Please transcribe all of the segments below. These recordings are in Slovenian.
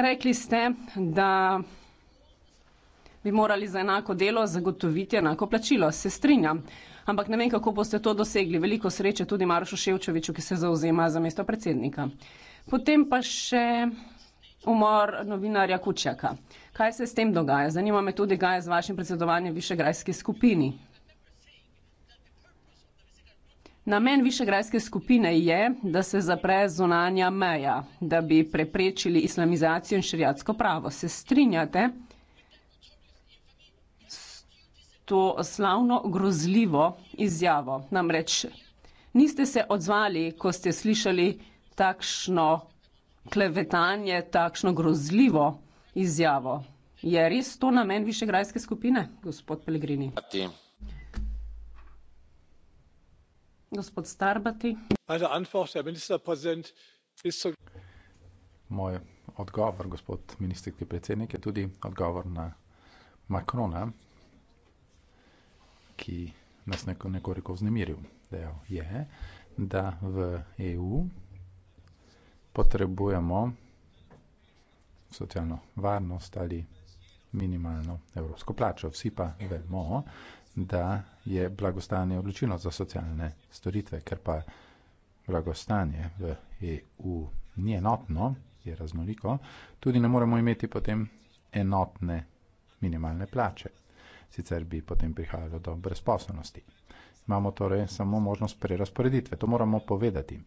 Rekli ste, da bi morali za enako delo zagotoviti enako plačilo. Se strinjam. Ampak ne vem, kako boste to dosegli. Veliko sreče tudi Marošu Ševčoviču, ki se zauzema za mesto predsednika. Potem pa še umor novinarja Kučjaka. Kaj se s tem dogaja? Zanima me tudi, kaj je z vašim predsedovanjem Višegrajski skupini. Namen višegrajske skupine je, da se zapre zunanja meja, da bi preprečili islamizacijo in širjatsko pravo. Se strinjate s to slavno grozljivo izjavo? Namreč niste se odzvali, ko ste slišali takšno klevetanje, takšno grozljivo izjavo. Je res to namen višegrajske skupine, gospod Pelegrini? Ati. Moj odgovor, gospod ministrski predsednik, je tudi odgovor na Macrona, ki nas je nekoliko vznemiril. Dejal je, da v EU potrebujemo socialno varnost ali minimalno evropsko plačo. Vsi pa vemo, da je blagostanje odločilo za socialne storitve, ker pa blagostanje v EU ni enotno, je raznoliko, tudi ne moremo imeti potem enotne minimalne plače. Sicer bi potem prihajalo do brezposobnosti. Imamo torej samo možnost prerasporeditve, to moramo povedati.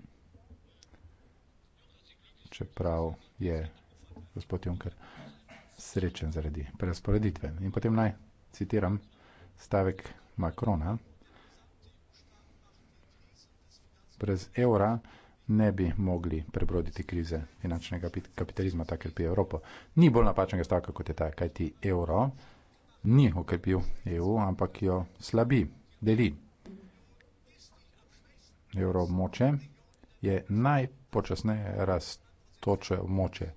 Čeprav je gospod Juncker srečen zaradi prerasporeditve. In potem naj citiram stavek Makrona, brez evra ne bi mogli prebroditi krize finančnega kapitalizma, tako krpi Evropo. Ni bolj napačnega stavka kot je ta, kaj ti evro ni okrpil EU, ampak jo slabi, deli. Evro moče je najpočasneje raztoče moče.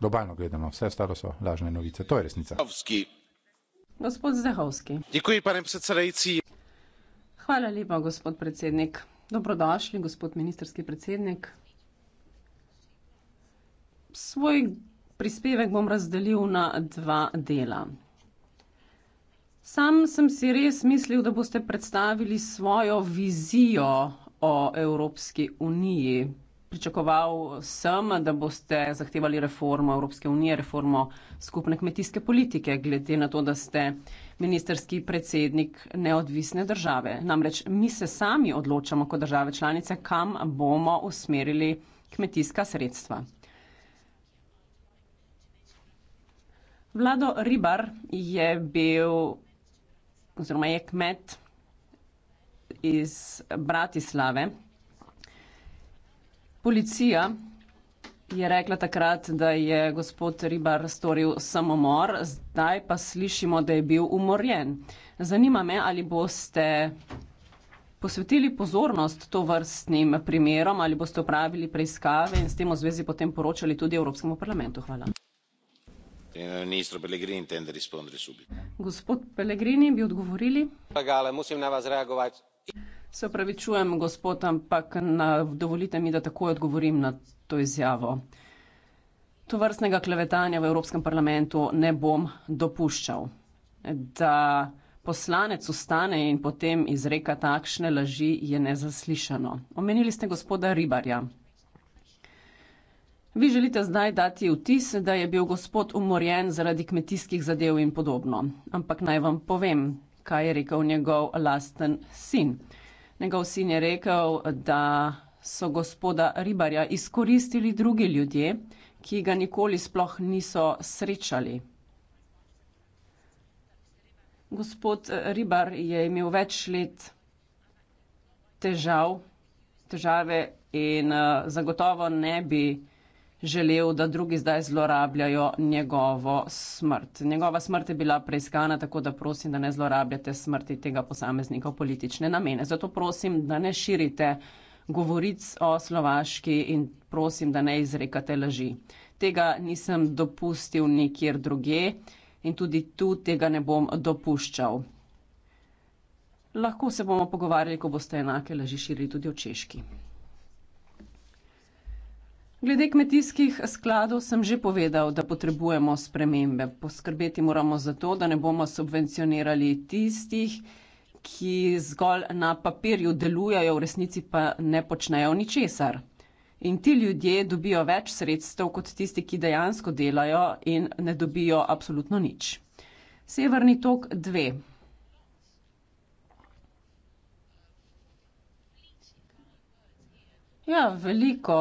Globalno gledano, vse ostalo so lažne novice. To je resnica. Hrvatski Děkuji, pane předsedající. Hvala lepa, gospod predsednik. Dobrodošli, gospod ministerski predsednik. Svoj prispevek bom razdelil na dva dela. Sam sem si res mislil, da boste predstavili svojo vizijo o Evropski uniji, Pričakoval sem, da boste zahtevali reformo Evropske unije, reformo skupne kmetijske politike, glede na to, da ste ministerski predsednik neodvisne države. Namreč mi se sami odločamo kot države članice, kam bomo usmerili kmetijska sredstva. Vlado Ribar je bil oziroma je kmet iz Bratislave. Policija je rekla takrat, da je gospod Ribar storil samomor, zdaj pa slišimo, da je bil umorjen. Zanima me, ali boste posvetili pozornost to vrstnim primerom, ali boste upravili preiskave in s tem v zvezi potem poročali tudi Evropskemu parlamentu. Hvala. Eh, ministro Pellegrini intende rispondere subito. Gospod Pellegrini bi odgovorili. Pagale, musim na vas reagovati. Se pravi, čujem, gospod, ampak na, dovolite mi, da takoj odgovorim na to izjavo. To vrstnega klevetanja v Evropskem parlamentu ne bom dopuščal. Da poslanec ustane in potem izreka takšne laži, je nezaslišano. Omenili ste gospoda Ribarja. Vi želite zdaj dati vtis, da je bil gospod umorjen zaradi kmetijskih zadev in podobno. Ampak naj vam povem, kaj je rekel njegov lasten sin. Njegov sin je rekel, da so gospoda ribarja izkoristili drugi ljudje, ki ga nikoli sploh niso srečali. Gospod ribar je imel več let težav, težave in uh, zagotovo ne bi želel, da drugi zdaj zlorabljajo njegovo smrt. Njegova smrt je bila preiskana, tako da prosim, da ne zlorabljate smrti tega posameznika v politične namene. Zato prosim, da ne širite govoric o Slovaški in prosim, da ne izrekate laži. Tega nisem dopustil nikjer druge in tudi tu tega ne bom dopuščal. Lahko se bomo pogovarjali, ko boste enake laži širili tudi v Češki. Glede kmetijskih skladov sem že povedal, da potrebujemo spremembe. Poskrbeti moramo za to, da ne bomo subvencionirali tistih, ki zgolj na papirju delujejo, v resnici pa ne počnejo ničesar. In ti ljudje dobijo več sredstev kot tisti, ki dejansko delajo in ne dobijo absolutno nič. Severni tok 2. Ja, veliko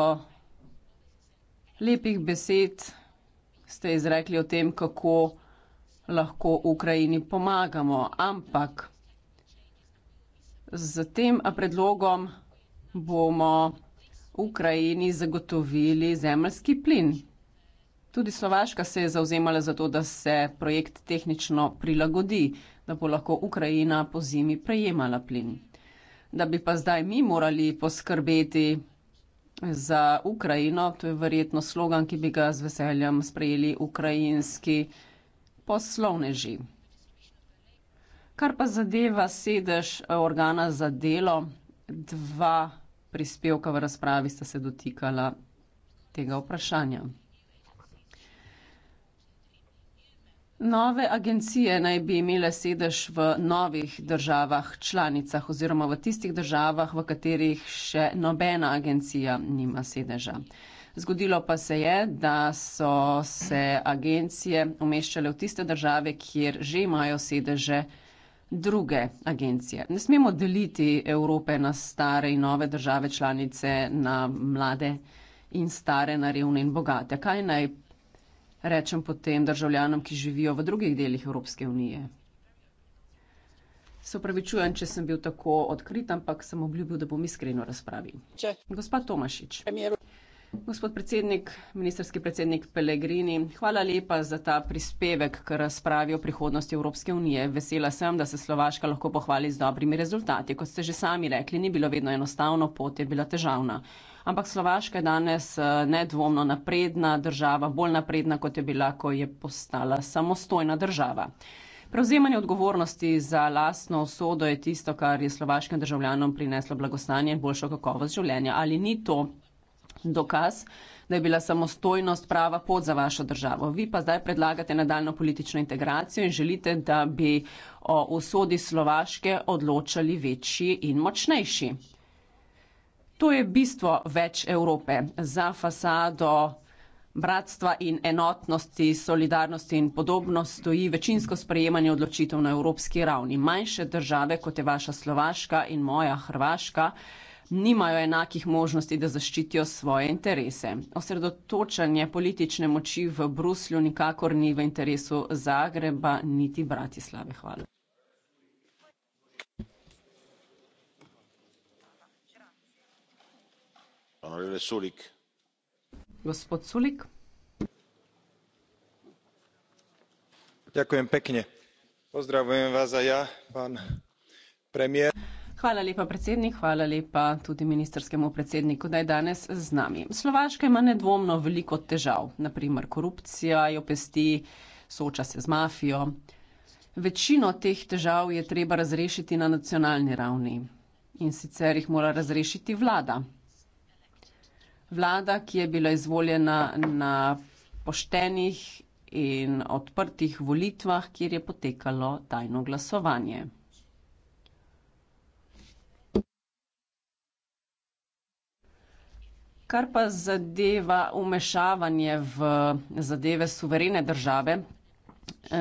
lepih besed ste izrekli o tem, kako lahko Ukrajini pomagamo, ampak z tem predlogom bomo Ukrajini zagotovili zemljski plin. Tudi Slovaška se je zauzemala za to, da se projekt tehnično prilagodi, da bo lahko Ukrajina po zimi prejemala plin. Da bi pa zdaj mi morali poskrbeti, za Ukrajino. To je verjetno slogan, ki bi ga z veseljem sprejeli ukrajinski poslovneži. Kar pa zadeva sedež eh, organa za delo, dva prispevka v razpravi sta se dotikala tega vprašanja. Nove agencije naj bi imele sedež v novih državah članicah oziroma v tistih državah, v katerih še nobena agencija nima sedeža. Zgodilo pa se je, da so se agencije umeščale v tiste države, kjer že imajo sedeže druge agencije. Ne smemo deliti Evrope na stare in nove države članice, na mlade in stare, na revne in bogate. Kaj naj rečem potem državljanom, ki živijo v drugih delih Evropske unije. Se upravičujem, če sem bil tako odkrit, ampak sem obljubil, da bom iskreno razpravil. Če. Gospa Tomašič. Premjeru. Gospod predsednik, ministerski predsednik Pellegrini, hvala lepa za ta prispevek, ker razpravi o prihodnosti Evropske unije. Vesela sem, da se Slovaška lahko pohvali z dobrimi rezultati. Kot ste že sami rekli, ni bilo vedno enostavno, pot je bila težavna ampak Slovaška je danes eh, nedvomno napredna država, bolj napredna, kot je bila, ko je postala samostojna država. Prevzemanje odgovornosti za lastno usodo je tisto, kar je slovaškim državljanom prineslo blagostanje in boljšo kakovost življenja. Ali ni to dokaz, da je bila samostojnost prava pot za vašo državo? Vi pa zdaj predlagate nadaljno politično integracijo in želite, da bi o usodi Slovaške odločali večji in močnejši. To je bistvo več Evrope. Za fasado bratstva in enotnosti, solidarnosti in podobno stoji večinsko sprejemanje odločitev na evropski ravni. Manjše države, kot je vaša Slovaška in moja Hrvaška, nimajo enakih možnosti, da zaščitijo svoje interese. Osredotočanje politične moči v Bruslju nikakor ni v interesu Zagreba, niti Bratislave. Hvala. ďakujem pekne pozdravujem vás aj ja pán premiér. Hvala lepa, predsednik, hvala lepa tudi ministerskemu predsedniku, da je danes z nami. Slovaška ima nedvomno veliko težav, naprimer korupcija jo pesti, soča se z mafijo. Večino teh težav je treba razrešiti na nacionalni ravni in sicer jih mora razrešiti vlada vlada, ki je bila izvoljena na poštenih in odprtih volitvah, kjer je potekalo tajno glasovanje. Kar pa zadeva umešavanje v zadeve suverene države,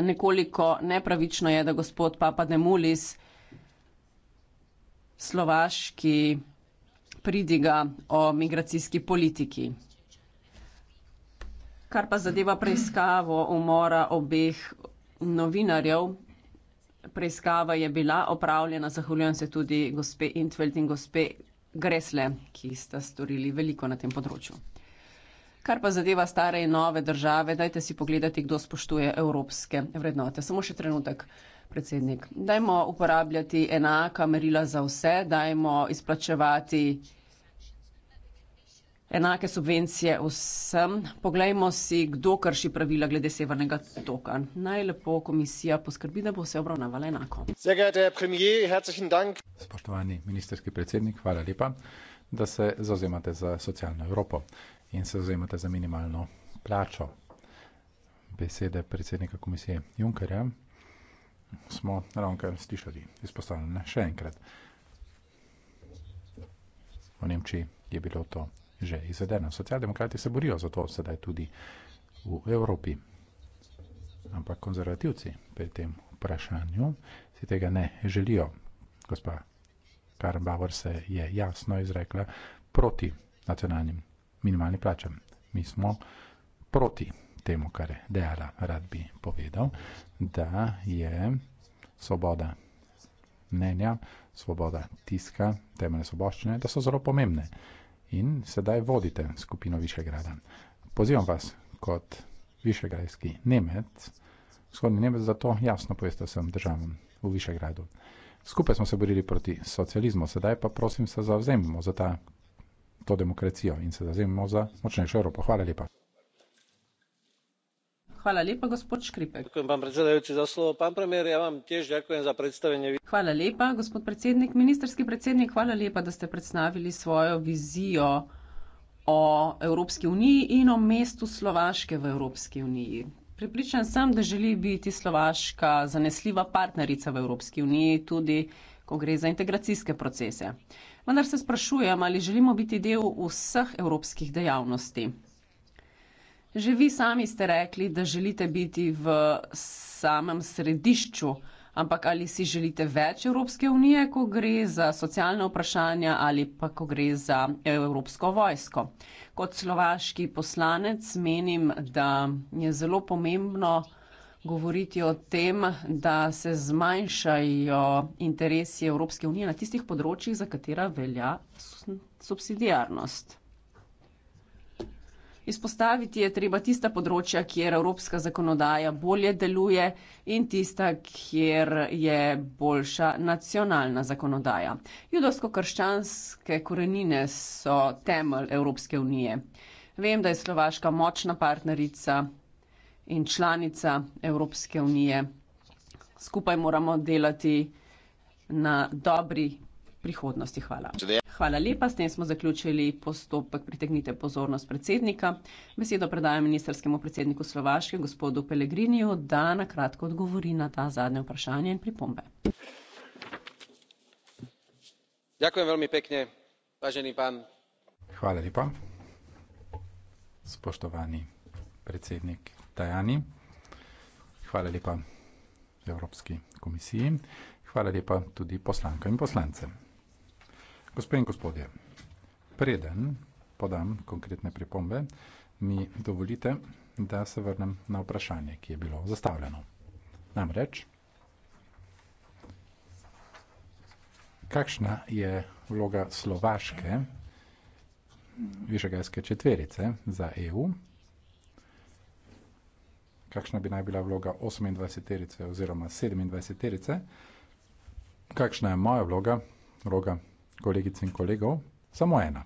nekoliko nepravično je, da gospod Papa Demulis, slovaški, pridiga o migracijski politiki. Kar pa zadeva preiskavo umora obeh novinarjev, preiskava je bila opravljena, zahvaljujem se tudi gospe Intveld in gospe Gresle, ki sta storili veliko na tem področju. Kar pa zadeva stare in nove države, dajte si pogledati, kdo spoštuje evropske vrednote. Samo še trenutek. Uh, predsednik. Dajmo uporabljati enaka merila za vse, dajmo izplačevati enake subvencije vsem. Poglejmo si, kdo krši pravila glede severnega toka. Najlepo komisija poskrbi, da bo vse obravnavala enako. Spoštovani ministerski predsednik, hvala lepa, da se zauzemate za socialno Evropo in se zauzemate za minimalno plačo. Besede predsednika komisije Junkerja smo ravno kar slišali izpostavljene še enkrat. V Nemčiji je bilo to že izvedeno. Socialdemokrati se borijo za to sedaj tudi v Evropi. Ampak konzervativci pri tem vprašanju si tega ne želijo. Gospa Karen Bauer se je jasno izrekla proti nacionalnim minimalnim plačam. Mi smo proti temu, kar je Deara rad bi povedal, da je svoboda mnenja, svoboda tiska, temeljne svoboščine, da so zelo pomembne. In sedaj vodite skupino Višegrada. Pozivam vas kot višegrajski Nemec, vzhodni Nemec, zato jasno poveste vsem državam v Višegradu. Skupaj smo se borili proti socializmu, sedaj pa prosim se zavzemimo za ta, to demokracijo in se zavzemimo za močnejšo Evropo. Hvala lepa. Hvala lepa, gospod Škripek. Ďakujem, pán predsedajúci, za slovo. Pán premiér, ja vám tiež ďakujem za predstavenie. Hvala lepa, gospod predsednik. Ministerski predsednik, hvala lepa, da ste predstavili svojo vizijo o Európskej unii in o mestu Slovaške v Európskej unii. Pripričan sem, da želi biti Slovaška zanesljiva partnerica v Európskej uniji, tudi ko gre za integracijske procese. Vendar se sprašujem, ali želimo biti del vseh evropskih dejavnosti. Že vi sami ste rekli, da želite biti v samem središču, ampak ali si želite več Evropske unije, ko gre za socialne vprašanja ali pa ko gre za Evropsko vojsko? Kot slovaški poslanec menim, da je zelo pomembno govoriti o tem, da se zmanjšajo interesi Evropske unije na tistih področjih, za katera velja subsidijarnost. Izpostaviti je treba tista področja, kjer evropska zakonodaja bolje deluje in tista, kjer je boljša nacionalna zakonodaja. Judovsko-krščanske korenine so temelj Evropske unije. Vem, da je Slovaška močna partnerica in članica Evropske unije. Skupaj moramo delati na dobri prihodnosti. Hvala. Hvala lepa, s tem smo zaključili postopek pritegnite pozornost predsednika. Besedo predajam ministerskemu predsedniku Slovaške, gospodu Pelegriniju, da na kratko odgovori na ta zadnja vprašanja in pripombe. Ďakujem veľmi pekne, vážený pán. Hvala lepa, spoštovani predsednik Tajani. Hvala lepa Evropski komisiji. Hvala lepa tudi poslankam in poslancem. Gospe in gospodje, preden podam konkretne pripombe, mi dovolite, da se vrnem na vprašanje, ki je bilo zastavljeno. Namreč, kakšna je vloga Slovaške višegajske četverice za EU, kakšna bi naj bila vloga 28-terice oziroma 27-terice, kakšna je moja vloga, vloga kolegic in kolegov, samo ena.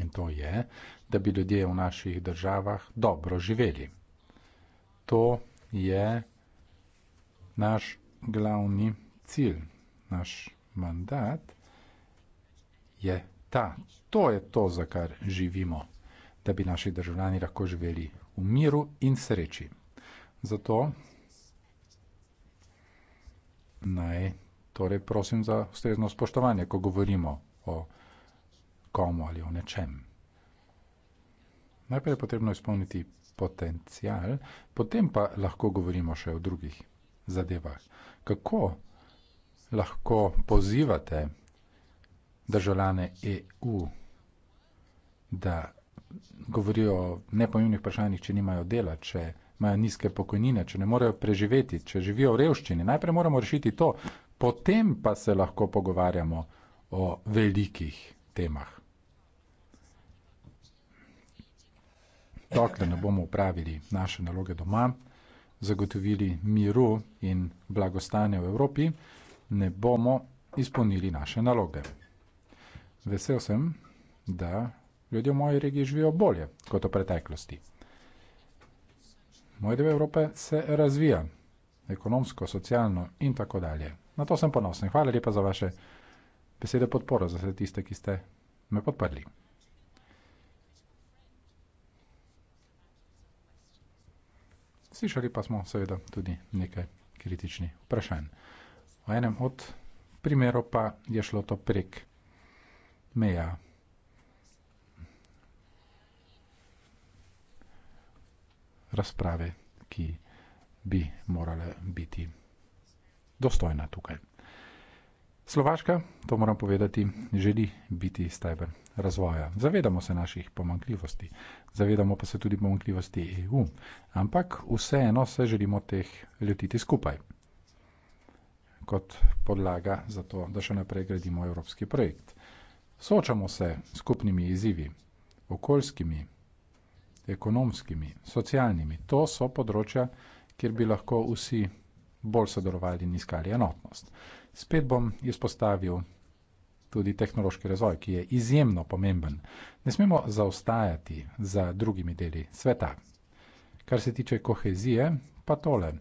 In to je, da bi ljudje v naših državah dobro živeli. To je naš glavni cilj, naš mandat je ta. To je to, za kar živimo, da bi naši državljani lahko živeli v miru in sreči. Zato naj Torej, prosim za ustrezno spoštovanje, ko govorimo o komu ali o nečem. Najprej je potrebno izpolniti potencial, potem pa lahko govorimo še o drugih zadevah. Kako lahko pozivate državljane EU, da govorijo o nepomembnih vprašanjih, če nimajo dela, če imajo nizke pokojnine, če ne morejo preživeti, če živijo v revščini. Najprej moramo rešiti to, potem pa se lahko pogovarjamo o velikih temah. Dokler ne bomo upravili naše naloge doma, zagotovili miru in blagostanje v Evropi, ne bomo izpolnili naše naloge. Vesel sem, da ljudje v moji regiji živijo bolje kot v preteklosti. Moj del Evrope se razvija ekonomsko, socialno in tako dalje. Na to sem ponosen. Hvala lepa za vaše besede podpore, za vse tiste, ki ste me podprli. Slišali pa smo seveda tudi nekaj kritičnih vprašanj. V enem od primerov pa je šlo to prek meja. Razprave, ki bi morale biti dostojna tukaj. Slovaška, to moram povedati, želi biti steber razvoja. Zavedamo se naših pomankljivosti, zavedamo pa se tudi pomankljivosti EU, ampak vseeno se želimo teh lotiti skupaj kot podlaga za to, da še naprej gradimo evropski projekt. Soočamo se s skupnimi izzivi, okoljskimi, ekonomskimi, socialnimi. To so področja, kjer bi lahko vsi bolj sodelovali in iskali enotnost. Spet bom izpostavil tudi tehnološki razvoj, ki je izjemno pomemben. Ne smemo zaostajati za drugimi deli sveta. Kar se tiče kohezije, pa tole.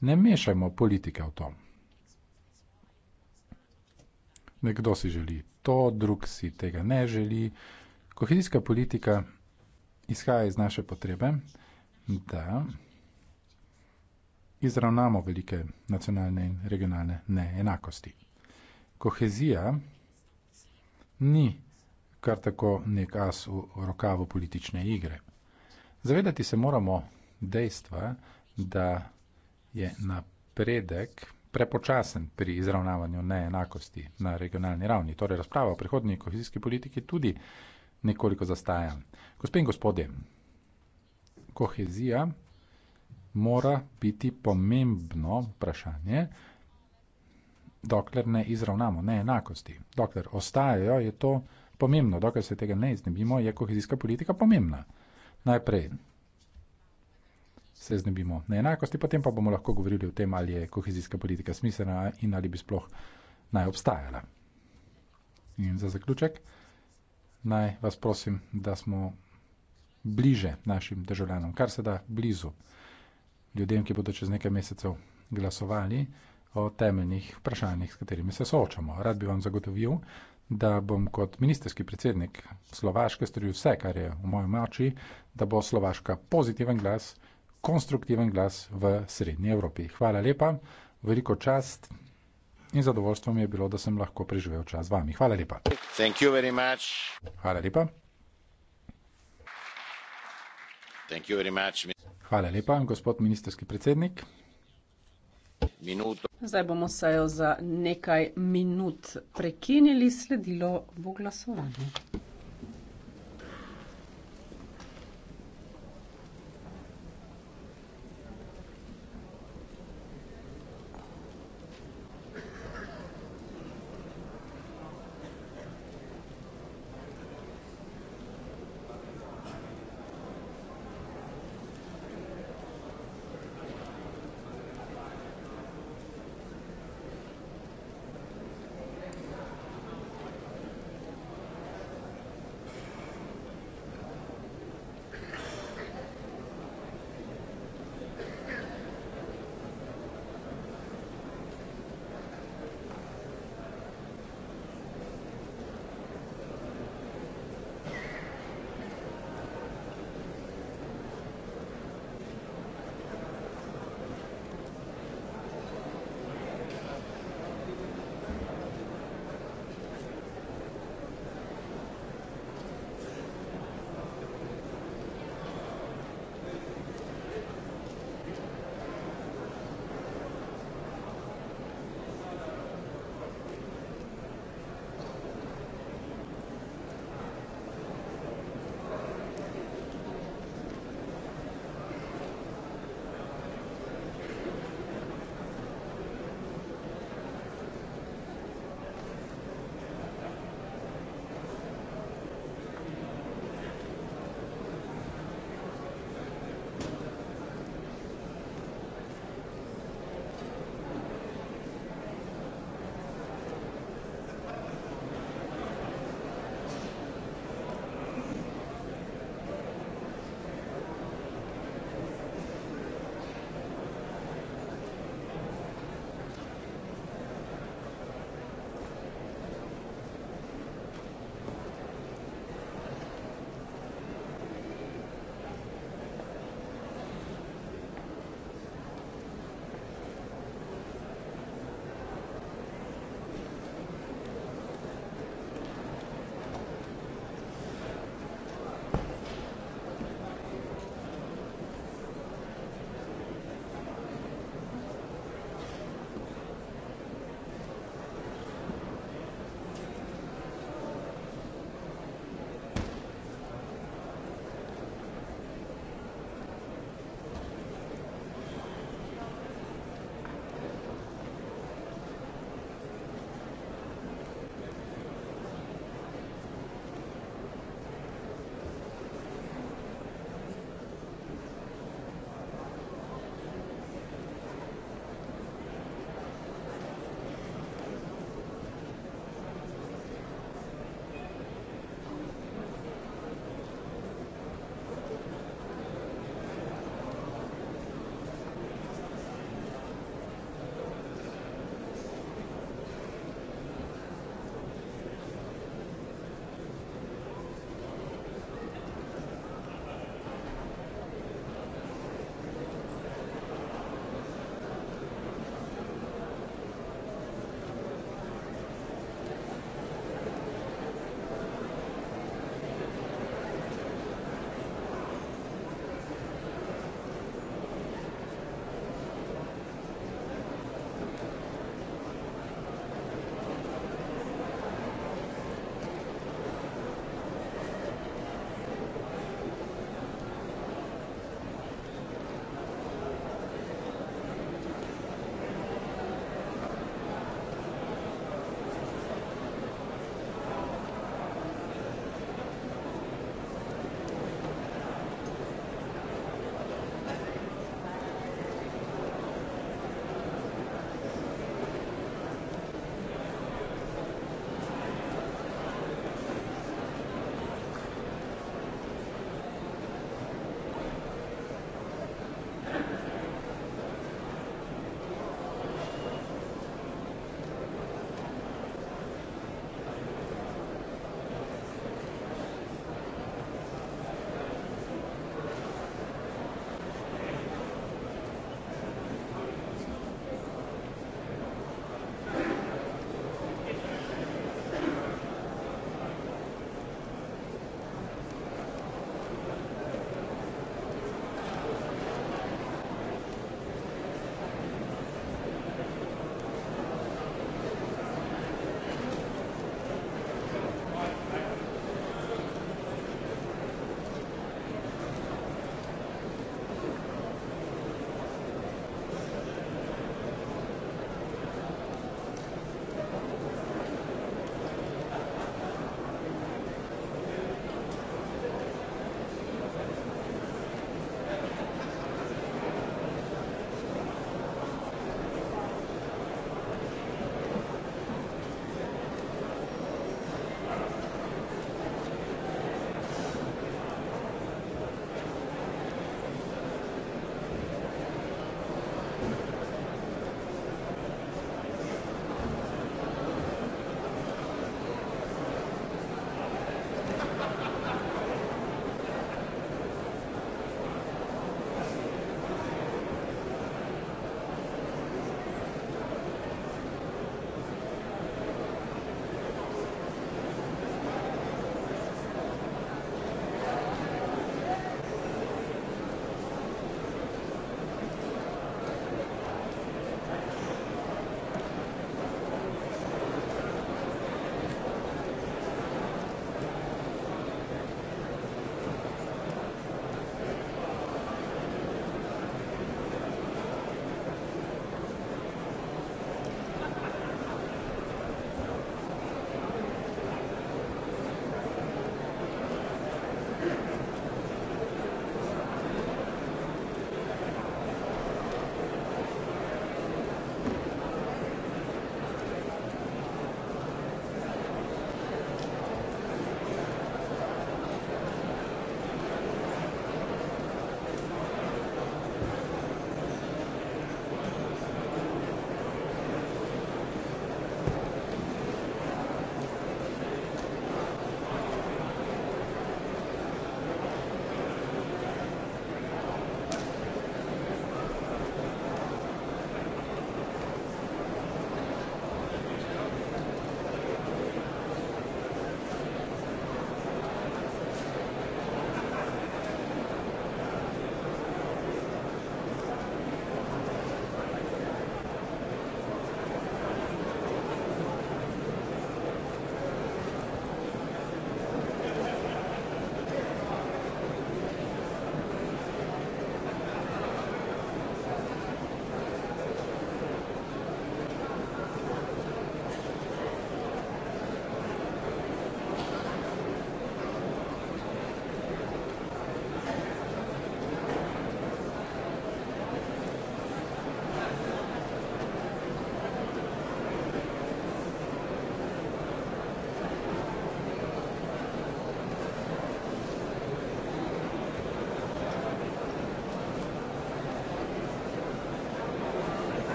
Ne mešajmo politike v to. Nekdo si želi to, drug si tega ne želi. Kohezijska politika izhaja iz naše potrebe, da izravnamo velike nacionalne in regionalne neenakosti. Kohezija ni kar tako nek as v rokavu politične igre. Zavedati se moramo dejstva, da je napredek prepočasen pri izravnavanju neenakosti na regionalni ravni. Torej, razprava o prihodnji kohezijski politiki tudi nekoliko zastaja. Gospe in gospode, kohezija mora biti pomembno vprašanje, dokler ne izravnamo neenakosti. Dokler ostajajo, je to pomembno, dokler se tega ne iznebimo, je kohezijska politika pomembna. Najprej se iznebimo neenakosti, potem pa bomo lahko govorili o tem, ali je kohezijska politika smiselna in ali bi sploh naj obstajala. In za zaključek naj vas prosim, da smo bliže našim državljanom, kar se da blizu ljudem, ki bodo čez nekaj mesecev glasovali o temeljnih vprašanjih, s katerimi se soočamo. Rad bi vam zagotovil, da bom kot ministerski predsednik Slovaške storil vse, kar je v moji moči, da bo Slovaška pozitiven glas, konstruktiven glas v srednji Evropi. Hvala lepa, veliko čast in zadovoljstvo mi je bilo, da sem lahko preživel čas z vami. Hvala lepa. Hvala lepa. Thank you very much. Hvala lepa, gospod ministrski predsednik. Zdaj bomo sejo za nekaj minut prekinili, sledilo bo glasovanje.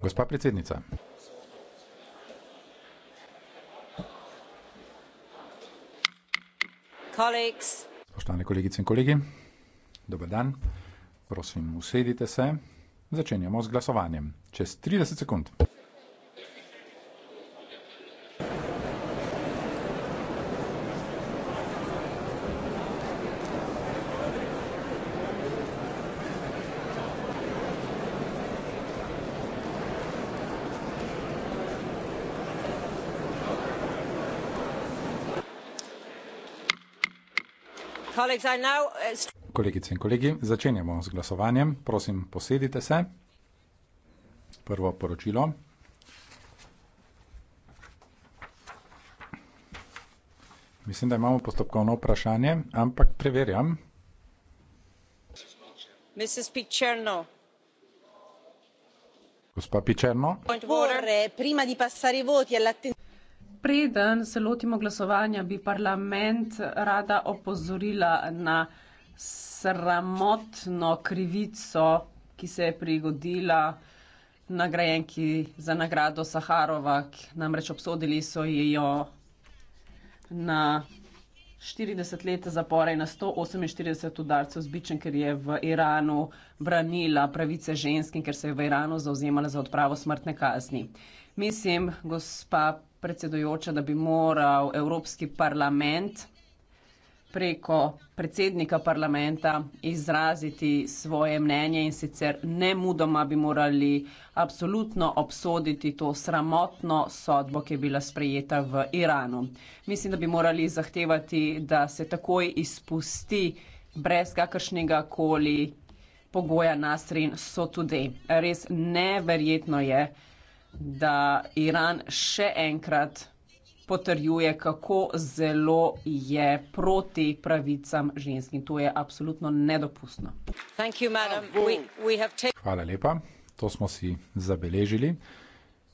Gospa predsednica. Spoštovane kolegice in kolegi, dober dan. Prosim, usedite se. Začenjamo z glasovanjem. Čez 30 sekund. Uh, Kolegice in kolegi, začenjamo z glasovanjem. Prosim, posedite se. Prvo poročilo. Mislim, da imamo postopkovno vprašanje, ampak preverjam. Gospa Pičerno. Vore, prima di passare voti all'attenzione preden se lotimo glasovanja, bi parlament rada opozorila na sramotno krivico, ki se je prigodila nagrajenki za nagrado Saharova, namreč obsodili so jo na 40 let zapora in na 148 udarcev z bičem, ker je v Iranu branila pravice žensk in ker se je v Iranu zauzemala za odpravo smrtne kazni. Uh, Mislim, gospa predsedujoča, da bi moral Evropski parlament preko predsednika parlamenta izraziti svoje mnenje in sicer ne mudoma bi morali absolutno obsoditi to sramotno sodbo, ki je bila sprejeta v Iranu. Mislim, da bi morali zahtevati, da se takoj izpusti brez kakršnega koli pogoja Nasrin Sotude. Res neverjetno je, da Iran še enkrat potrjuje, kako zelo je proti pravicam žensk. In to je absolutno nedopustno. You, we, we Hvala lepa, to smo si zabeležili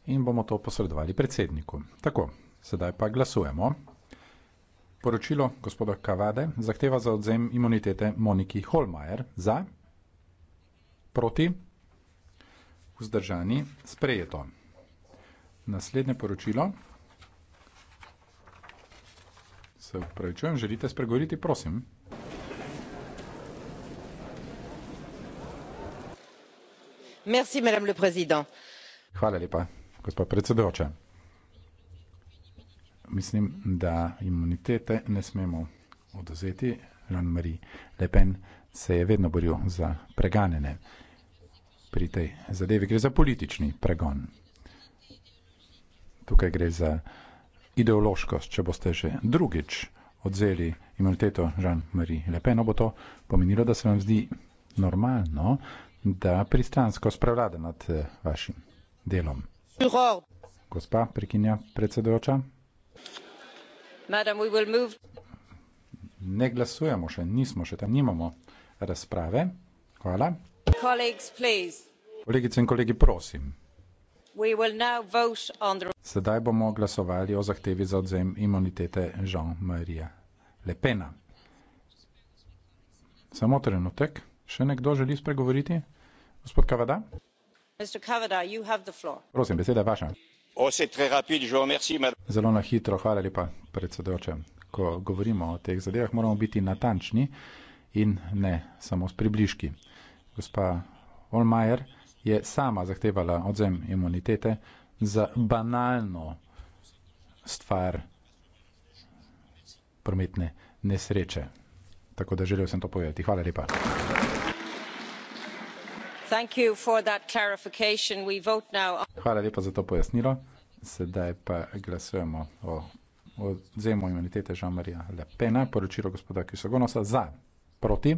in bomo to posredovali predsedniku. Tako, sedaj pa glasujemo. Poročilo gospoda Kavade zahteva za odzem imunitete Moniki Holmajer za, proti, vzdržani, sprejeto. Naslednje poročilo. Se upravičujem, želite spregovoriti, prosim. Merci, madame le président. Hvala lepa, gospod predsedujoča. Mislim, da imunitete ne smemo oduzeti. Jean-Marie Le Pen se je vedno boril za preganjene. Pri tej zadevi gre za politični pregon tukaj gre za ideološkost, če boste že drugič odzeli imuniteto Jean-Marie Le Pen, bo to pomenilo, da se vam zdi normalno, da pristransko spravlada nad eh, vašim delom. Gospa, prekinja predsedujoča. Madam, ne glasujemo še, nismo še tam, nimamo razprave. Hvala. Kolegice in kolegi, prosim. Sedaj bomo glasovali o zahtevi za odzem imunitete Jean-Marie Le Pen. -a. Samo trenutek. Še nekdo želi spregovoriti? Gospod Kavada? Mr. Kavada you have the floor. Prosim, beseda je vaša. Zelo na hitro, hvala lepa, predsedujoče. Ko govorimo o teh zadevah, moramo biti natančni in ne samo s približki. Gospa Olmajer, je sama zahtevala odzem imunitete za banalno stvar prometne nesreče. Tako da želel sem to povedati. Hvala lepa. Hvala lepa za to pojasnilo. Sedaj pa glasujemo o odzemu imunitete Jean-Marie Le Pena, poročilo gospoda Kisogonosa za, proti,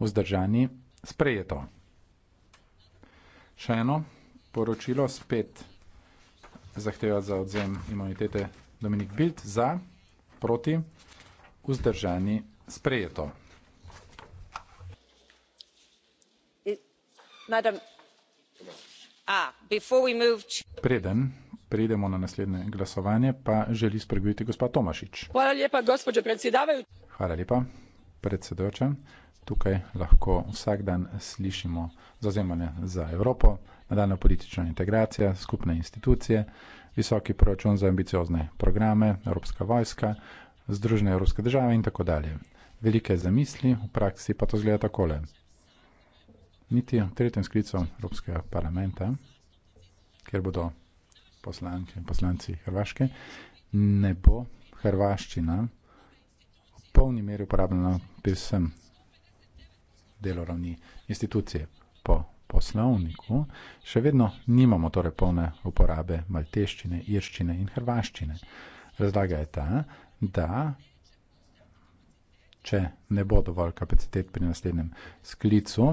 vzdržani, sprejeto. Še eno poročilo spet zahteva za odzem imunitete Dominik Bild za proti vzdržani sprejeto. Preden preidemo na naslednje glasovanje, pa želi spregovoriti gospod Tomašič. Hvala lepa, gospod predsedavajoč. Hvala lepa predsedujoča. Tukaj lahko vsak dan slišimo zazemanje za Evropo, nadaljna politična integracija, skupne institucije, visoki proračun za ambiciozne programe, Evropska vojska, Združene Evropske države in tako dalje. Velike zamisli, v praksi pa to zgleda takole. Niti v tretjem sklicu Evropskega parlamenta, kjer bodo poslanke in poslanci Hrvaške, ne bo Hrvaščina polni meri uporabljena pri vsem delu ravni institucije. Po poslovniku še vedno nimamo torej polne uporabe malteščine, irščine in hrvaščine. Razlaga je ta, da če ne bo dovolj kapacitet pri naslednjem sklicu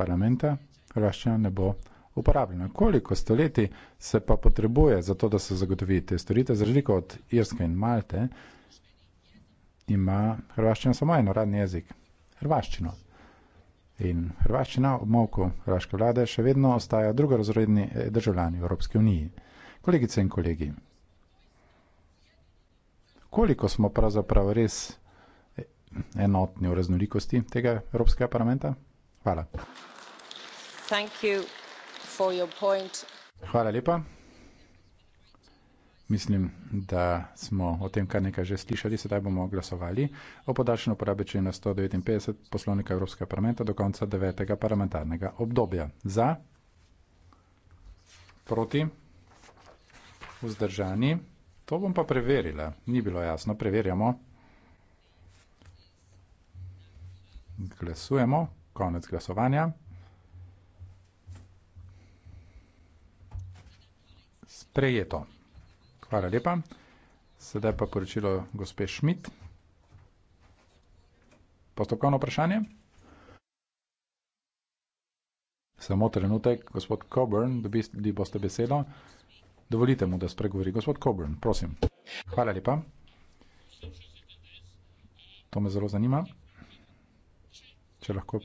parlamenta, hrvaščina ne bo uporabljena. Koliko stoletij se pa potrebuje za to, da se zagotovi te storitve, za razliko od Irske in Malte, ima hrvaščina samo en uradni jezik, hrvaščino. In hrvaščina ob moku hrvaške vlade še vedno ostaja drugorazredni eh, državljani Evropske unije. Kolegice in kolegi, koliko smo pravzaprav res eh, enotni v raznolikosti tega Evropskega parlamenta? Hvala. Thank you for your point. Hvala lepa. Mislim, da smo o tem kar nekaj že slišali, sedaj bomo glasovali o podaljšanju uporabe člena 159 poslovnika Evropskega parlamenta do konca devetega parlamentarnega obdobja. Za, proti, vzdržani. To bom pa preverila. Ni bilo jasno. Preverjamo. Glasujemo. Konec glasovanja. Sprejeto. Hvala lepa. Sedaj pa poročilo gospe Šmit. Postopkovno vprašanje? Samo trenutek, gospod Coburn, dobili boste besedo. Dovolite mu, da spregovori. Gospod Coburn, prosim. Hvala lepa. To me zelo zanima. Če lahko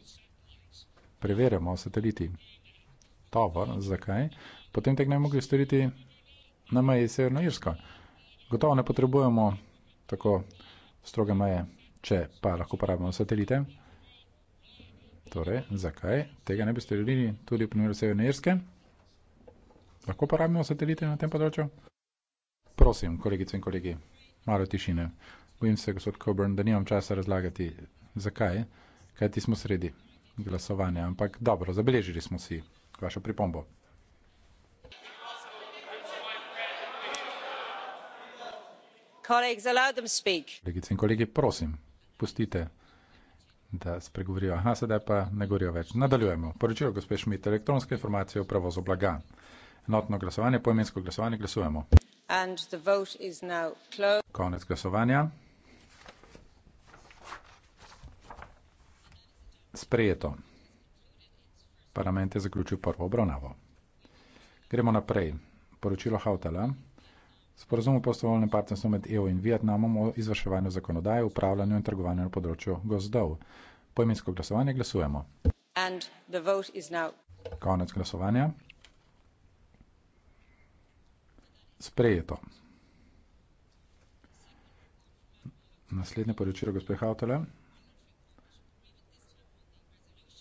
preverjamo sateliti. Dobro, zakaj? Potem tega ne bi mogli storiti na meji Severna Irska. Gotovo ne potrebujemo tako stroge meje, če pa lahko uporabljamo satelite. Torej, zakaj tega ne bi storili tudi v primeru Severne Irske? Lahko uporabljamo satelite na tem področju? Prosim, kolegice in kolegi, malo tišine. Bojim se, gospod Coburn, da nimam časa razlagati, zakaj, kaj ti smo sredi glasovanja. Ampak dobro, zabeležili smo si vašo pripombo. kolegice in kolegi prosim pustite da spregovorijo aha sedaj pa ne govorijo več nadaljujemo poročilo gospe schmidt elektronske informacije o prevozu blaga enotno glasovanje poimensko glasovanje glasujemo konec glasovanja sprejeto parlament je zaključil prvo obravnavo gremo naprej poročilo hautala Sporazum o poslovnem partnerstvu med EU in Vietnamom o izvrševanju zakonodaje, upravljanju in trgovanju na področju gozdov. Poimensko glasovanje glasujemo. Konec glasovanja. Sprejeto. Naslednje poročilo gospe Hautele.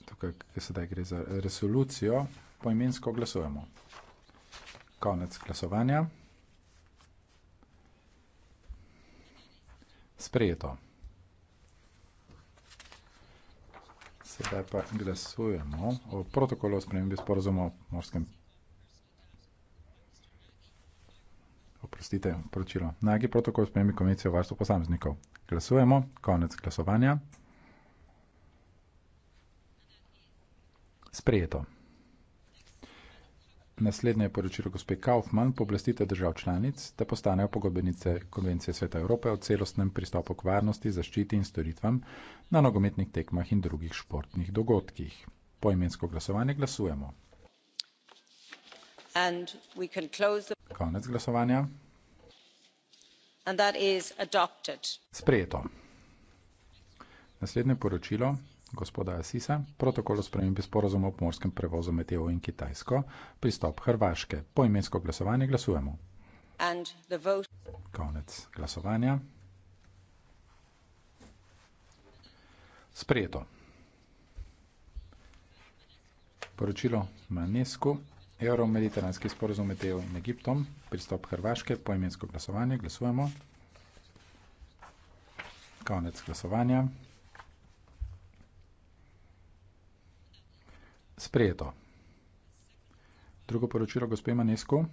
Tukaj, ki sedaj gre za resolucijo, poimensko glasujemo. Konec glasovanja. Sprejeto. Sedaj pa glasujemo o protokolu o spremembi sporozuma o morskem. Oprostite, poročilo. Najgi protokol o spremembi konvencije o varstvu posameznikov. Glasujemo, konec glasovanja. Sprejeto. Naslednje je poročilo gospe Kaufmann, poblastite držav članic, da postanejo pogodbenice Konvencije Sveta Evrope o celostnem pristopu k varnosti, zaščiti in storitvam na nogometnih tekmah in drugih športnih dogodkih. Po imensko glasovanje glasujemo. The... Konec glasovanja. Sprejeto. Naslednje poročilo gospoda Asisa, protokol o spremembi sporozuma o pomorskem prevozu med EU in Kitajsko, pristop Hrvaške. Po imensko e glasovanje glasujemo. Konec glasovanja. Sprejeto. Poročilo Manesku, euromediteranski sporozum med EU in Egiptom, pristop Hrvaške, po imensko glasovanje glasujemo. Konec glasovanja. Sprejeto. Drugo poročilo gospe Manesko,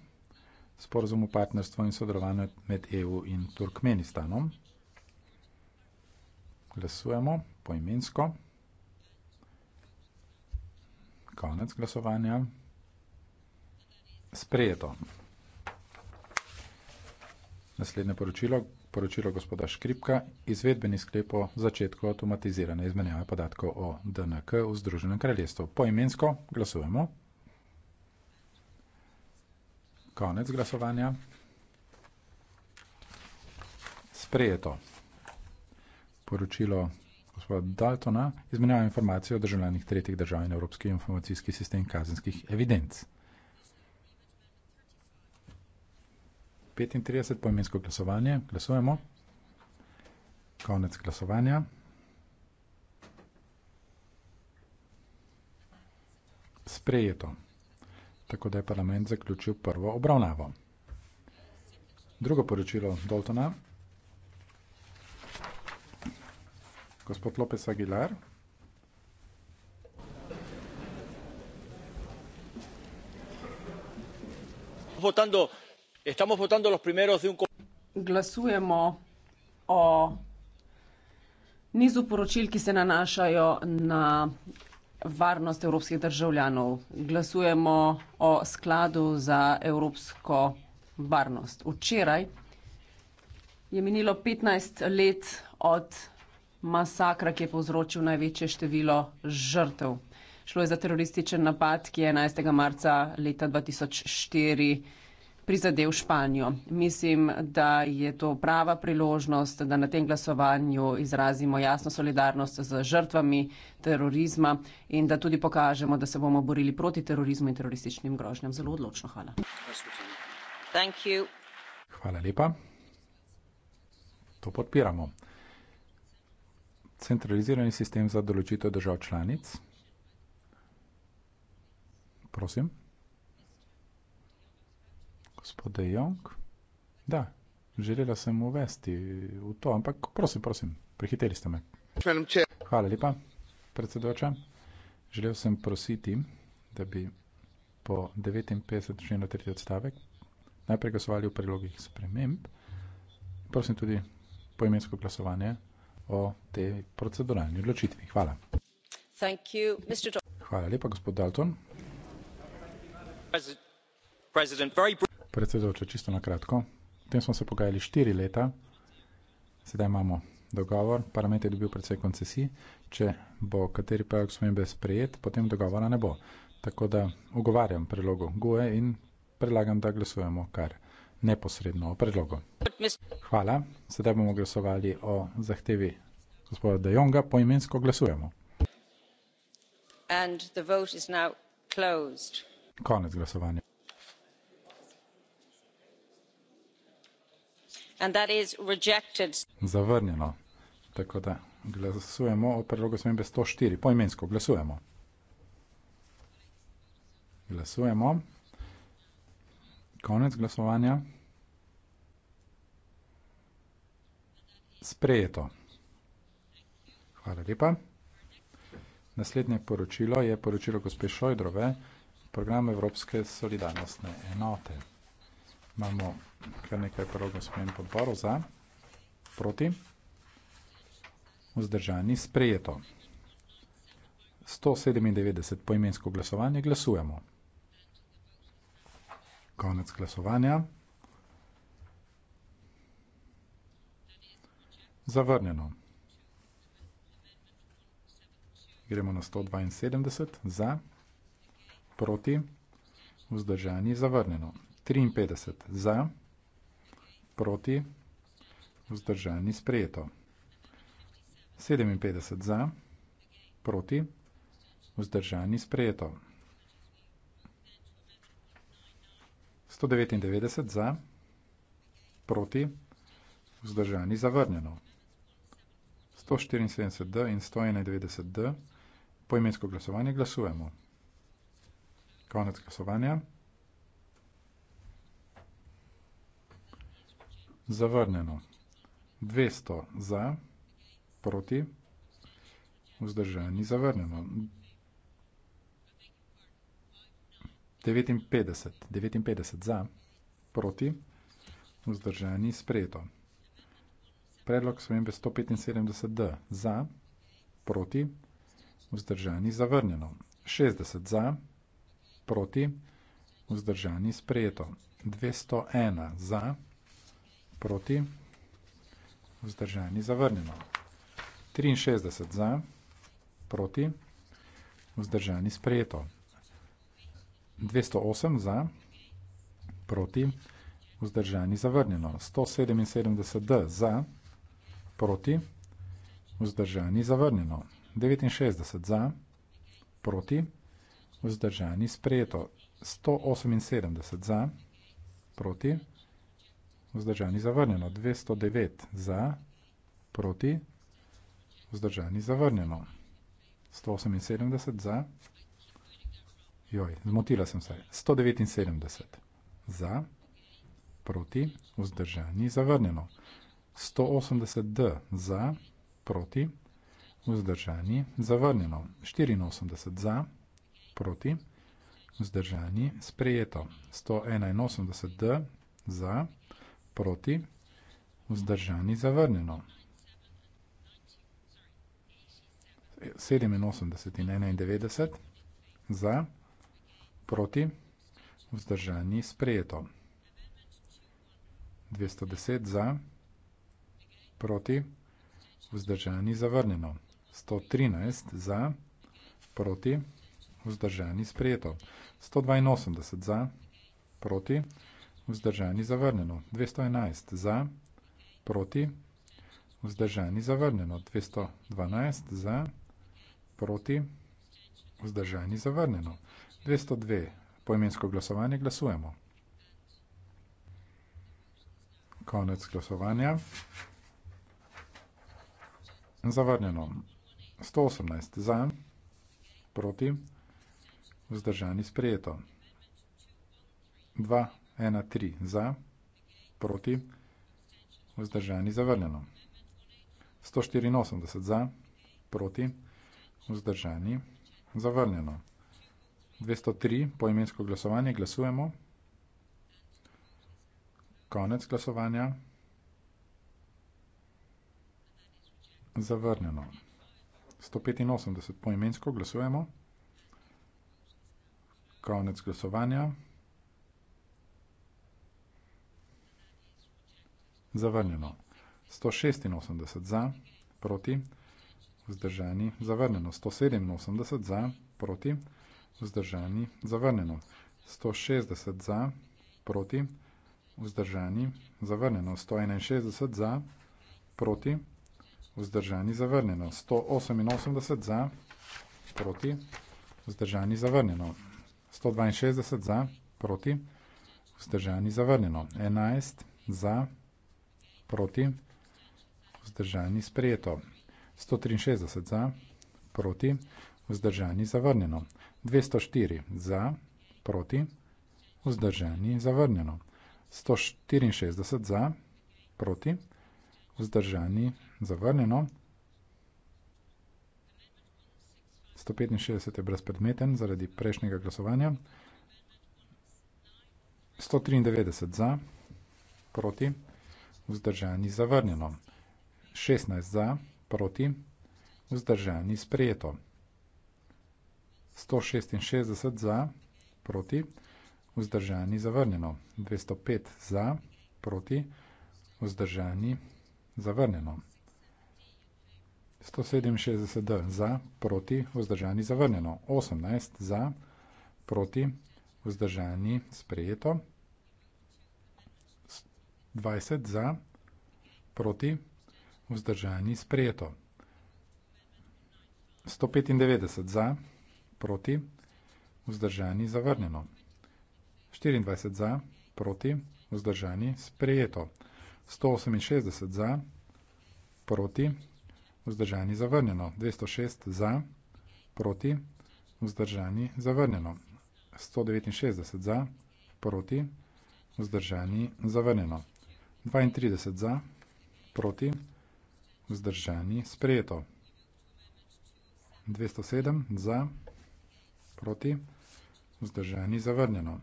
sporozum o partnerstvu in sodelovanju med EU in Turkmenistanom. Glasujemo poimensko. Konec glasovanja. Sprejeto. Naslednje poročilo poročilo gospoda Škripka, izvedbeni sklep o začetku avtomatizirane izmenjave podatkov o DNK v Združenem kraljestvu. Poimensko glasujemo. Konec glasovanja. Sprejeto. Poročilo gospoda Daltona izmenjava informacije o državljanih tretjih držav in Evropski informacijski sistem kazenskih evidenc. 35 poimensko glasovanje, glasujemo. Konec glasovanja. Sprejeto. Tako da je parlament zaključil prvo obravnavo. Drugo poročilo Daltona. Gospod Lopes Aguilar. Votando glasujemo o nizu poročil ki se nanašajo na varnost evropskih državljanov glasujemo o skladu za evropsko varnost včeraj je minilo petnajst let od masakra ki je povzročil največje število žrtev šlo je za terorističen napad ki je enajstega marca leta dva tisoč štiri prizadel Španijo. Mislim, da je to prava priložnost, da na tem glasovanju izrazimo jasno solidarnost z žrtvami terorizma in da tudi pokažemo, da se bomo borili proti terorizmu in terorističnim grožnjam. Zelo odločno. Hvala. Hvala lepa. To podpiramo. Centralizirani sistem za določitev držav članic. Prosim gospoda Jong. Da, želela sem uvesti v to, ampak prosim, prosim, prehiteli ste me. Hvala lepa, predsedoča. Želel sem prositi, da bi po 59. členu tretji odstavek najprej glasovali v prilogih sprememb. Prosim tudi poimensko glasovanje o tej proceduralni odločitvi. Hvala. Thank you, Mr. Hvala lepa, gospod Dalton. President, very predsedujoča, čisto na kratko. Potem smo se pogajali štiri leta, sedaj imamo dogovor, parlament je dobil predvsej koncesij, če bo kateri projekt spremembe sprejet, potem dogovora ne bo. Tako da ogovarjam predlogu GUE in predlagam, da glasujemo kar neposredno o predlogu. Hvala, sedaj bomo glasovali o zahtevi gospoda De Jonga, poimensko glasujemo. Konec glasovanja. zavrnjeno tako da glasujemo o predlogu spremembe sto štiri poimensko glasujemo glasujemo konec glasovanja sprejeto hvala lepa naslednje poročilo je poročilo gospe Šojdrove program evropske solidarnostne enote imamo kar nekaj prologov sprejem podporo za, proti, vzdržani, sprejeto. 197 poimensko glasovanje glasujemo. Konec glasovanja. Zavrnjeno. Gremo na 172, za, proti, vzdržani, zavrnjeno. 53 za, proti, vzdržani sprejeto. 57 za, proti, vzdržani sprejeto. 199 za, proti, vzdržani zavrnjeno. 174 d in 191 d, poimensko glasovanje glasujemo. Konec glasovanja. Zavrnjeno. 200 za, proti, vzdržani, zavrnjeno. 59, 59 za, proti, vzdržani, sprejeto. Predlog spremembe 175 d, za, proti, vzdržani, zavrnjeno. 60 za, proti, vzdržani, sprejeto. 201 za, proti, proti, vzdržani, zavrnjeno. 63 za, proti, vzdržani, sprejeto. 208 za, proti, vzdržani, zavrnjeno. 177 d za, proti, vzdržani, zavrnjeno. 69 za, proti, vzdržani, sprejeto. 178 za, proti, vzdržani, zavrnjeno vzdržani zavrnjeno. 209 za, proti, vzdržani zavrnjeno. 178 za, joj, zmotila sem se, 179 za, proti, vzdržani zavrnjeno. 180 d za, proti, vzdržani zavrnjeno. 84 za, proti, vzdržani sprejeto. 181 d za, proti, Proti. Vzdržani zavrnjeno. 87 in 91. Za. Proti. Vzdržani sprejeto. 210 za. Proti. Vzdržani zavrnjeno. 113 za. Proti. Vzdržani sprejeto. 182 za. Proti vzdržani zavrnjeno 211 za proti vzdržani zavrnjeno 212 za proti vzdržani zavrnjeno 202 poimensko glasovanje glasujemo konec glasovanja zavrnjeno 118 za proti vzdržani sprejeto 2 ena tri za, proti, vzdržani zavrnjeno. Sto štiriinosemdeset za, proti, vzdržani zavrnjeno. Dvesto tri poimensko glasovanje, glasujemo. Konec glasovanja. Zavrnjeno. Sto petinosemdeset poimensko glasujemo. Konec glasovanja. zavrnjeno. 186 za, proti, vzdržani, zavrnjeno. 187 za, proti, vzdržani, zavrnjeno. 160 za, proti, vzdržani, zavrnjeno. 161 za, proti, vzdržani, zavrnjeno. 188 za, proti, vzdržani, zavrnjeno. 162 za, proti, vzdržani, zavrnjeno. 11 za, proti, proti, vzdržani sprejeto. 163 za, proti, vzdržani zavrnjeno. 204 za, proti, vzdržani zavrnjeno. 164 za, proti, vzdržani zavrnjeno. 165 je brezpredmeten zaradi prejšnjega glasovanja. 193 za, proti, vzdržani zavrnjeno vzdržani zavrnjeno, 16 za, proti, vzdržani sprejeto, 166 za, proti, vzdržani zavrnjeno, 205 za, proti, vzdržani zavrnjeno, 167 za, proti, vzdržani zavrnjeno, 18 za, proti, vzdržani sprejeto, 18 za, proti, vzdržani sprejeto, 20 za, proti, vzdržani, sprejeto. 195 za, proti, vzdržani, zavrnjeno. 24 za, proti, vzdržani, sprejeto. 168 za, proti, vzdržani, zavrnjeno. 206 za, proti, vzdržani, zavrnjeno. 169 za, proti, vzdržani, zavrnjeno. 32 za, proti, vzdržani, sprejeto. 207 za, proti, vzdržani, zavrnjeno.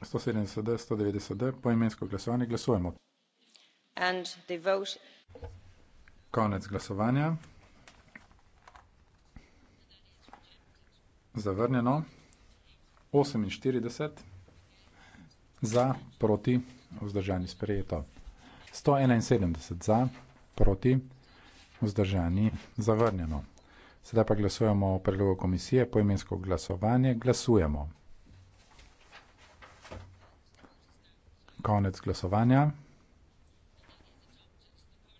170 da, 190 da, poimensko glasovanje glasujemo. And the vote. Konec glasovanja. Zavrnjeno. 48 za, proti, vzdržani sprejeto. 171 za, proti, vzdržani zavrnjeno. Sedaj pa glasujemo o predlogu komisije, poimensko glasovanje, glasujemo. Konec glasovanja.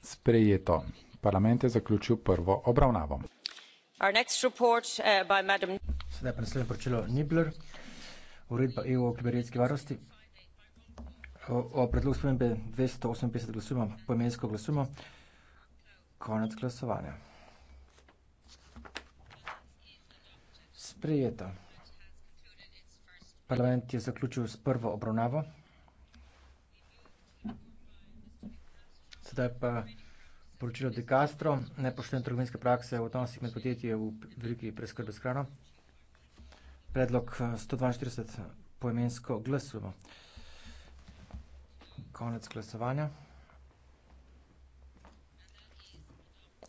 Sprejeto. Parlament je zaključil prvo obravnavo. Report, uh, Sedaj pa naslednje poročilo Nibler, uredba EU o kibernetski varnosti. O, o predlogu spremembe 258 glasujemo, poimensko glasujemo. Konec glasovanja. Sprejeto. Parlament je zaključil s prvo obravnavo. Sedaj pa poročilo De Castro, nepoštene trgovinske prakse v odnosih med podjetji v veliki preskrbi s hrano. Predlog 142 eh, poimensko glasujemo konec glasovanja.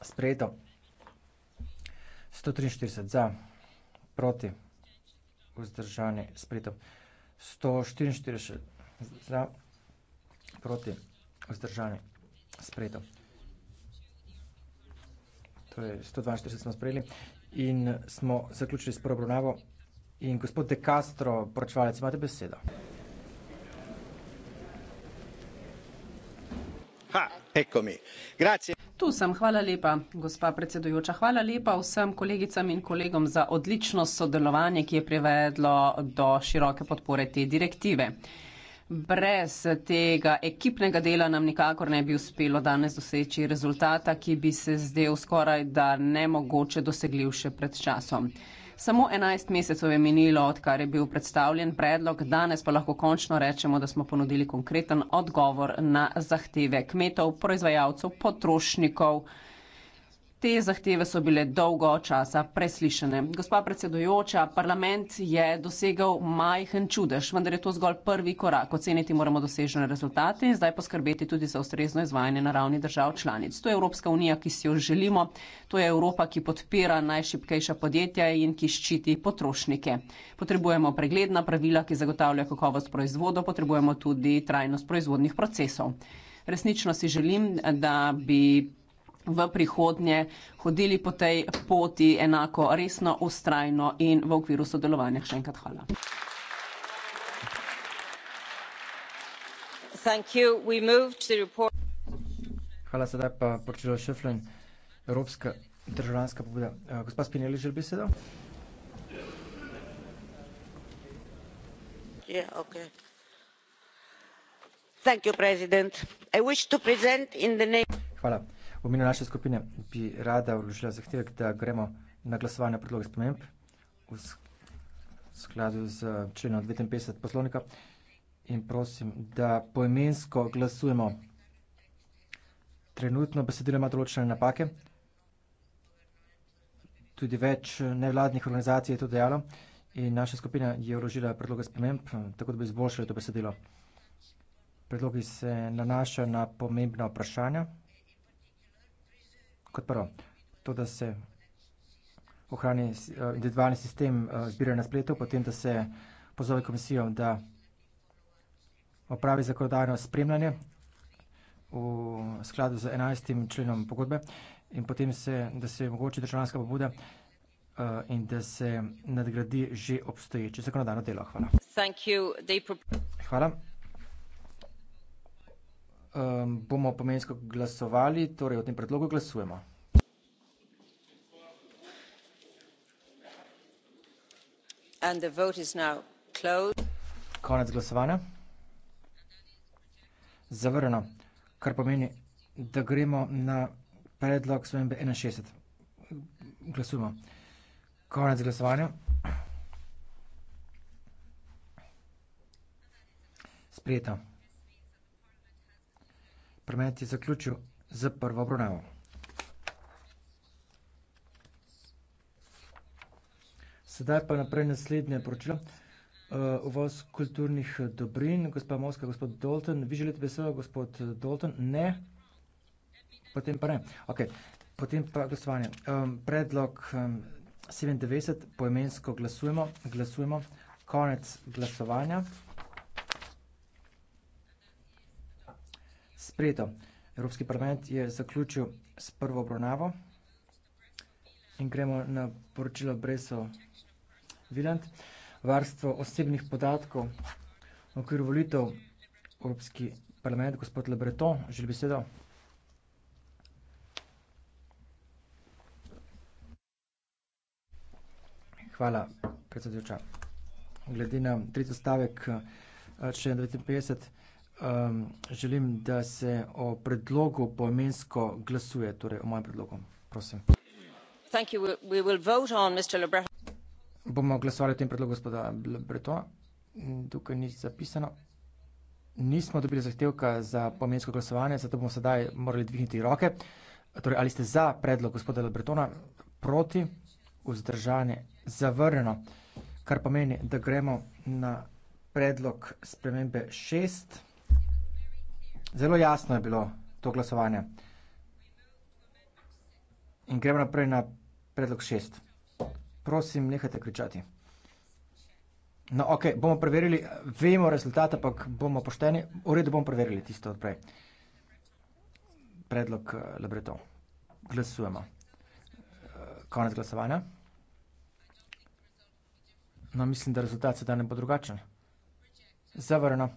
Sprejeto. 143 za, proti, vzdržani, sprejeto. 144 za, proti, vzdržani, sprejeto. To je 142 smo sprejeli in smo zaključili s prvo obravnavo. In gospod De Castro, poročevalec, imate besedo. Tu sem, hvala lepa, gospa predsedujoča. Hvala lepa vsem kolegicam in kolegom za odlično sodelovanje, ki je privedlo do široke podpore te direktive. Brez tega ekipnega dela nam nikakor ne bi uspelo danes doseči rezultata, ki bi se zdel skoraj da nemogoče dosegljiv še pred časom. Samo 11 mesecev je minilo, odkar je bil predstavljen predlog, danes pa lahko končno rečemo, da smo ponudili konkreten odgovor na zahteve kmetov, proizvajalcev, potrošnikov. Te zahteve so bile dolgo časa preslišene. Gospa predsedujoča, parlament je dosegal majhen čudež, vendar je to zgolj prvi korak. Oceniti moramo dosežene rezultate in zdaj poskrbeti tudi za ustrezno izvajanje na ravni držav članic. To je Evropska unija, ki si jo želimo, to je Evropa, ki podpira najšipkejša podjetja in ki ščiti potrošnike. Potrebujemo pregledna pravila, ki zagotavljajo kakovost proizvoda, potrebujemo tudi trajnost proizvodnih procesov. Resnično si želim, da bi v prihodnje hodili po tej poti enako resno, ustrajno in v okviru sodelovanja. Še enkrat hvala. Hvala, sedaj pa poročilo Schöflin, evropska državljanska pobuda. Eh, gospa Spinelli želi besedo? Hvala v imenu naše skupine bi rada vložila zahtevek, da gremo na glasovanje predloga sprememb v skladu z členom 59 poslovnika in prosim, da poimensko glasujemo. Trenutno besedilo ima določene napake. Tudi več nevladnih organizacij je to dejalo in naša skupina je vložila predloga sprememb, tako da bi izboljšali to besedilo. Predlogi se nanašajo na pomembna vprašanja kot prvo, to, da se ohrani eh, individualni sistem eh, zbiranja na spletu, potem, da se pozove komisijo, da opravi zakonodajno spremljanje v skladu z 11. členom pogodbe in potem, da se mogoče državljanska pobuda eh, in da se nadgradi že obstoječe zakonodajno delo. Hvala. Hvala. Um, bomo pomensko glasovali, torej o tem predlogu glasujemo. And the vote is now Konec glasovanja. Zavrno. Kar pomeni, da gremo na predlog SVMB 61. Glasujemo. Konec glasovanja. Sprejeto. Premet je zaključil z prvo obravnavo. Sedaj pa naprej naslednje poročilo. Uh, uvoz kulturnih dobrin, gospa Moska, gospod Dalton. Vi želite besedo, gospod Dalton? Ne? Potem pa ne. Ok, potem pa glasovanje. Um, predlog um, 97, poimensko glasujemo, glasujemo, konec glasovanja. sprejeto. Evropski parlament je zaključil s prvo obravnavo in gremo na poročilo Breso Viland. Varstvo osebnih podatkov v okviru volitev Evropski parlament, gospod Lebreton, želi besedo. Hvala, predsedujoča. Glede na tretji stavek eh, člena devetinpetdeset um, želim, da se o predlogu poimensko glasuje, torej o mojem predlogu. Prosim. Thank you. We will vote on Mr. Bomo glasovali o tem predlogu gospoda Lebretona. Tukaj ni zapisano. Nismo dobili zahtevka za pomensko glasovanje, zato bomo sedaj morali dvigniti roke. Torej, ali ste za predlog gospoda Lebretona, proti, vzdržanje, zavrneno. Kar pomeni, da gremo na predlog spremembe šest. Zelo jasno je bilo to glasovanje. In gremo naprej na predlog šest. Prosim, nehajte kričati. No, ok, bomo preverili, vemo rezultat, ampak bomo pošteni. V redu bomo preverili tisto odprej. Predlog eh, Lebreto. Glasujemo. Eh, konec glasovanja. No, mislim, da rezultat se danem bo drugačen. Zavrno.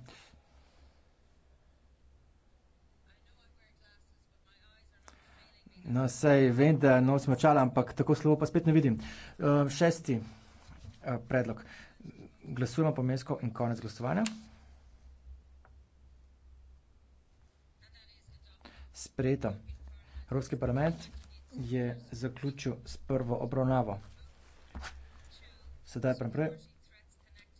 No, sej vem, da je noč mačala, ampak tako slovo pa spet ne vidim. Uh, šesti uh, predlog. Glasujemo pomensko in konec glasovanja. Sprejeto. Evropski parlament je zaključil s prvo obravnavo. Sedaj naprej.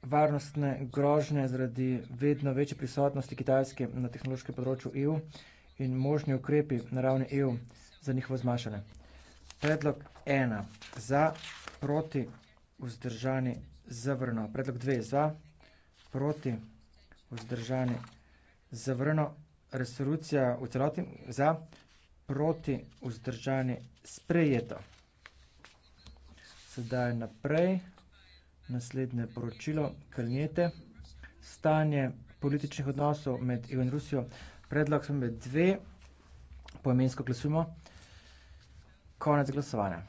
Varnostne grožnje zaradi vedno večje prisotnosti Kitajske na tehnološkem področju EU in možni ukrepi na ravni EU za njihovo zmašanje. Predlog ena za, proti, vzdržani, zavrno. Predlog dve za, proti, vzdržani, zavrno. Resolucija v celoti za, proti, vzdržani, sprejeto. Sedaj naprej, naslednje poročilo, kalnjete, stanje političnih odnosov med EU in Rusijo. Predlog sem dve, poimensko glasujemo, Konec glasovanja.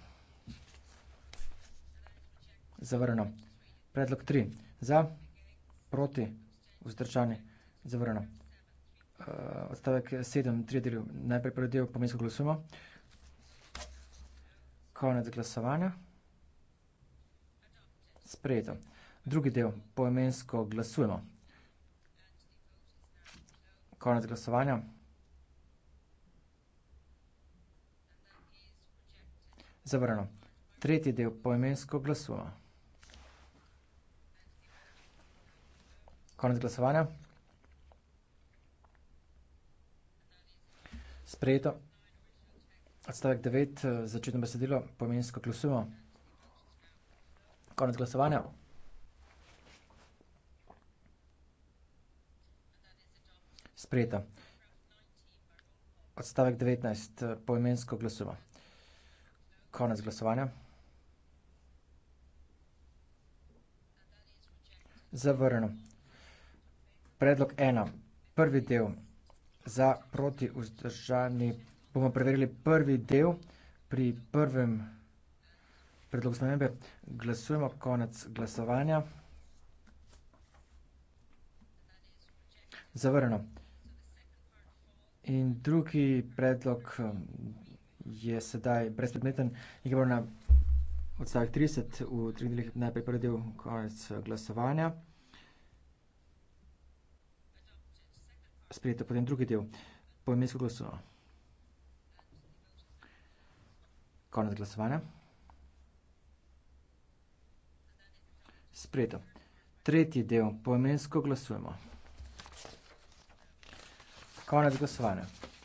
Zavrno. Predlog 3. Za, proti, vzdržani, zavrno. Uh, eh, odstavek 7, 3 delov. Najprej prvi del pomensko glasujemo. Konec glasovanja. Sprejeto. Drugi del pomensko glasujemo. Konec glasovanja. zavrnjeno. Tretji del poimensko glasujemo. Konec glasovanja. Sprejeto. Odstavek 9, eh, začetno besedilo, poimensko glasujemo. Konec glasovanja. Sprejeto. Odstavek 19, eh, poimensko glasujemo konec glasovanja. Zavrnjeno. Predlog ena, prvi del za proti vzdržani, bomo preverili prvi del pri prvem predlogu spremembe. Glasujemo konec glasovanja. Zavrnjeno. In drugi predlog je sedaj brezpredmeten. Igramo na odstavek 30, v treh delih najprej prvi del, konec glasovanja. Sprejete potem drugi del, poimensko glasovanje. Konec glasovanja. Sprejeto. Tretji del, poimensko glasujemo. Konec glasovanja.